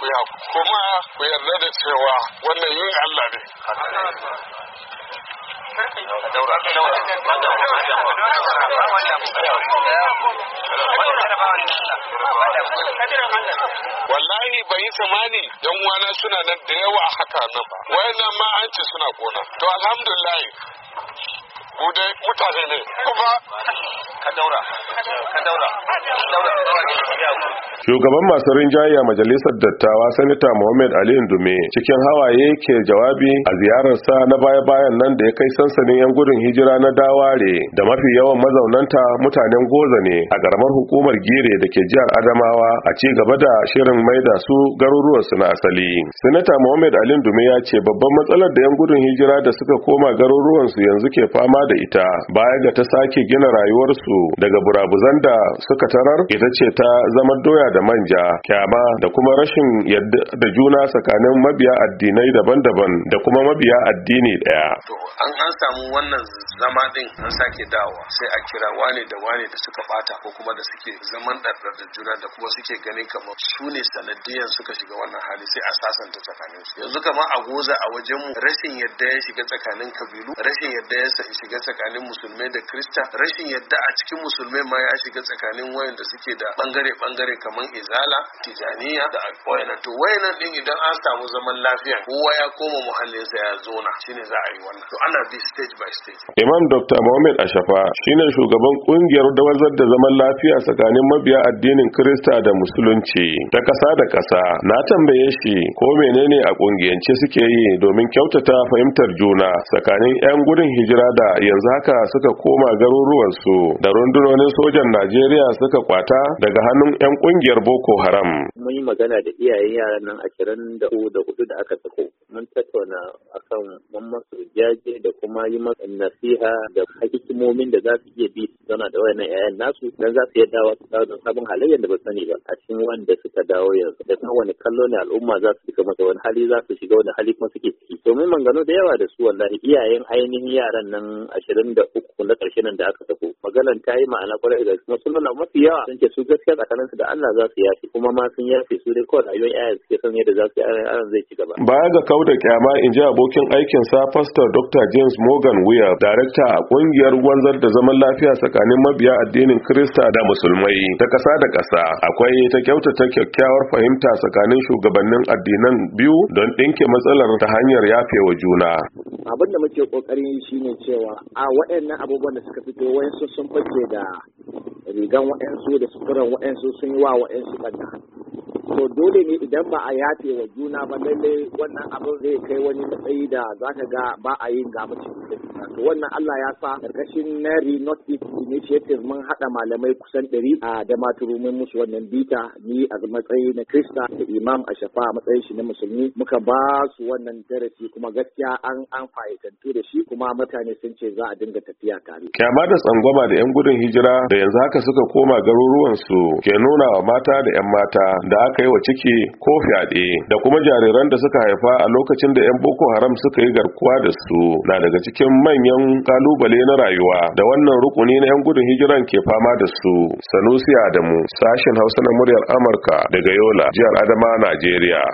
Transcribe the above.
ku ya kuma ku yarda da cewa wannan yin Allah ne wallahi bai yi samani yan wana suna nan da yawa haka nan ba nan ma an ce suna gona to alhamdulillah ku mutane ne kuma Shugaban masu rinjaye a majalisar dattawa Sanita Mohammed Ali Indume cikin hawaye ke jawabi a ziyararsa na baya-bayan nan da ya kai sansanin 'yan gudun hijira na Daware da mafi yawan mazaunanta mutanen Goza ne a garamar hukumar Gire da ke jihar Adamawa a ci gaba da shirin maida su garuruwarsu na asali. Sanita Mohammed Ali Indume ya ce babban matsalar da 'yan gudun hijira da suka koma garuruwansu yanzu ke fama da ita baya ga ta sake gina rayuwarsu su daga burabuzan da suka tarar ita ce ta zama doya da manja kyama da kuma rashin yadda da juna tsakanin mabiya addinai daban-daban da kuma mabiya addini daya an an samu wannan zama din an sake dawa sai a kira wane da wane da suka bata ko kuma da suke zaman ɗarɗar da juna da kuma suke ganin kamar su ne sanadiyan suka shiga wannan hali sai a sasanta tsakanin su yanzu kamar a goza a wajen mu rashin yadda ya shiga tsakanin kabilu rashin yadda ya shiga tsakanin musulmai da krista rashin yadda a cikin musulmai ma ya shiga tsakanin wayanda suke da bangare bangare kamar izala tijaniya da wayanan to wayan din idan an samu zaman lafiya kowa ya koma muhallinsa ya zona shine za a yi wannan to ana bi stage by stage imam dr mohammed ashafa shine shugaban kungiyar dawazar da zaman lafiya tsakanin mabiya addinin kirista da musulunci ta kasa da kasa na tambaye shi ko menene a kungiyance suke yi domin kyautata fahimtar juna tsakanin yan gudun hijira da yanzu haka suka koma garuruwansu da da rundunonin sojan Najeriya suka kwata daga hannun 'yan kungiyar Boko Haram. Mun yi magana da iyayen yaran nan kiran da hudu da aka sako mun tattauna akan masu jaje da kuma yi masa nasiha da hakikimomin da za su iya bi su zauna da wayannan yayan nasu dan za su iya dawo su dawo don sabon halayyar da ba sani ba a cikin wanda suka dawo yanzu da kuma wani kallo ne al'umma za su shiga masa wani hali za su shiga wani hali kuma suke ciki domin mangano da yawa da su wallahi iyayen ainihin yaran nan ashirin da uku na ƙarshe nan da aka sako maganan ta yi ma'ana kwarai da kuma sun nuna mafi yawa sun ce su gaskiya tsakaninsu da Allah za su yafe kuma ma sun yafe su dai kawai rayuwar yayan suke son yadda za su yi yaran zai ci gaba. kawo da kyama in ji abokin aikinsa pastor dr james morgan weir darakta a kungiyar wanzar da zaman lafiya tsakanin mabiya addinin krista da musulmai ta kasa da kasa akwai ta kyautata kyakkyawar fahimta tsakanin shugabannin addinan biyu don ɗinke matsalar ta hanyar yafewa juna abin da muke kokarin shine cewa a waɗannan abubuwan da suka fito wayansu sun fake da rigan waɗansu da suturan waɗansu sun yi wa waɗansu ɓanna to dole ne idan ba a yafe wa juna ba lallai wannan abin zai kai wani matsayi da za ka ga ba a yin ga mace to wannan Allah ya sa karkashin Nari North East Initiative mun hada malamai kusan ɗari a da mun musu wannan bita ni a matsayi na Krista da Imam Ashafa a matsayin shi na musulmi muka ba su wannan darasi kuma gaskiya an an fa'idantu da shi kuma mutane sun ce za a dinga tafiya tare kyama da tsangwama da yan gudun hijira da yanzu haka suka koma garuruwan su ke nuna wa mata da yan mata da aka kai wa ciki ko fyaɗe da kuma jariran da suka haifa a lokacin da 'yan boko haram suka yi garkuwa da su na daga cikin manyan kalubale na rayuwa da wannan rukuni na 'yan gudun hijiran ke fama da su sanusi adamu sashen hausa na muryar amurka daga yola jihar adama najeriya